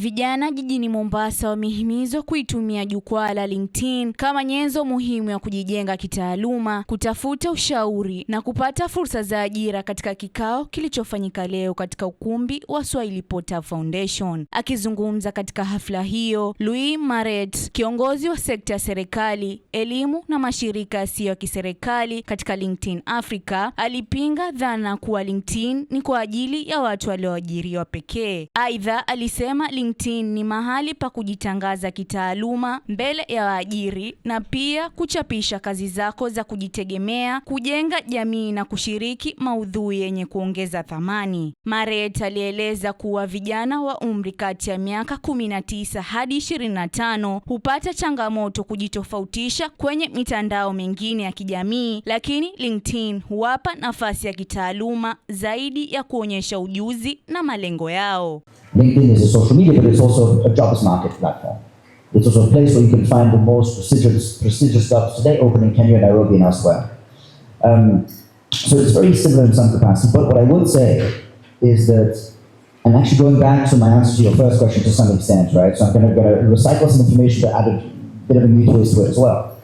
Vijana jijini Mombasa wamehimizwa kuitumia jukwaa la LinkedIn kama nyenzo muhimu ya kujijenga kitaaluma, kutafuta ushauri na kupata fursa za ajira katika kikao kilichofanyika leo katika ukumbi wa Swahili Potter Foundation. Akizungumza katika hafla hiyo, Louis Maret, kiongozi wa sekta ya serikali, elimu na mashirika yasiyo ya kiserikali katika LinkedIn Africa, alipinga dhana kuwa LinkedIn ni kwa ajili ya watu walioajiriwa pekee. Aidha, alisema LinkedIn LinkedIn ni mahali pa kujitangaza kitaaluma mbele ya waajiri na pia kuchapisha kazi zako za kujitegemea, kujenga jamii na kushiriki maudhui yenye kuongeza thamani. maret alieleza kuwa vijana wa umri kati ya miaka 19 hadi 25 hupata changamoto kujitofautisha kwenye mitandao mingine ya kijamii, lakini LinkedIn huwapa nafasi ya kitaaluma zaidi ya kuonyesha ujuzi na malengo yao. LinkedIn is a social media but it's also a jobs market platform. It's also a place where you can find the most prestigious, prestigious jobs today open in Kenya, Nairobi, and elsewhere. Um, so it's very similar in some capacity. But what I would say is that, and actually going back to my answer to your first question to some extent, right? So I'm going to, recycle some information but add a bit of a new twist to it as well.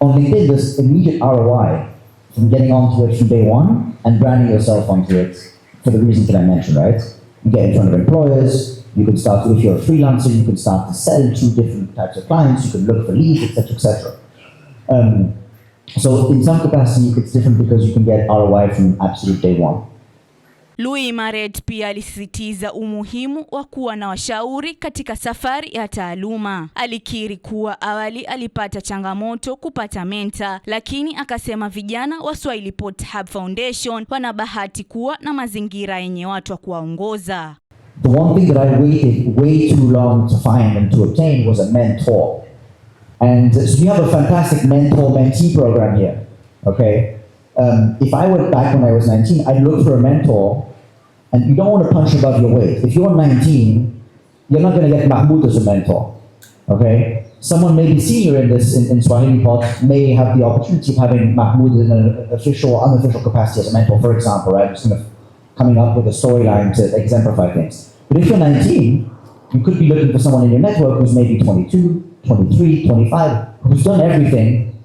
On LinkedIn, this immediate ROI from getting onto it from day one and branding yourself onto it for the reasons that I mentioned, right? You get in front of employers, You can start, if you're a freelancer, you can start to sell to different types of clients, you can look for leads, etc., etc. Um, so in some capacity, it's different because you can get ROI from absolute day one. Louis Maret pia alisisitiza umuhimu wa kuwa na washauri katika safari ya taaluma. Alikiri kuwa awali alipata changamoto kupata menta, lakini akasema vijana wa Swahili Pot Hub Foundation wana bahati kuwa na mazingira yenye watu wa kuwaongoza. The one thing that I waited way too long to find and to obtain was a mentor. And so we have a fantastic mentor-mentee program here, okay? Um, if I went back when I was 19, I'd look for a mentor, and you don't want to punch above your weight. If you're 19, you're not going to get Mahmoud as a mentor, okay? Someone maybe senior in this, in, in Swahili pod, may have the opportunity of having Mahmoud in an official or unofficial capacity as a mentor, for example, right? Just kind of coming up with a storyline to exemplify things. But if you're 19, you could be looking for someone in your network who's maybe 22, 23, 25, who's done everything,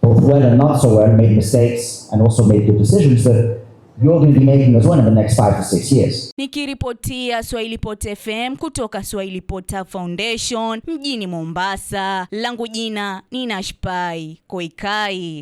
both well and not so well, made mistakes, and also made good decisions that you're going to be making as well in the next five to six years. Nikiripotia Pot FM kutoka swahili Pot Foundation mjini Mombasa, langu jina ni Nashpai Koikai.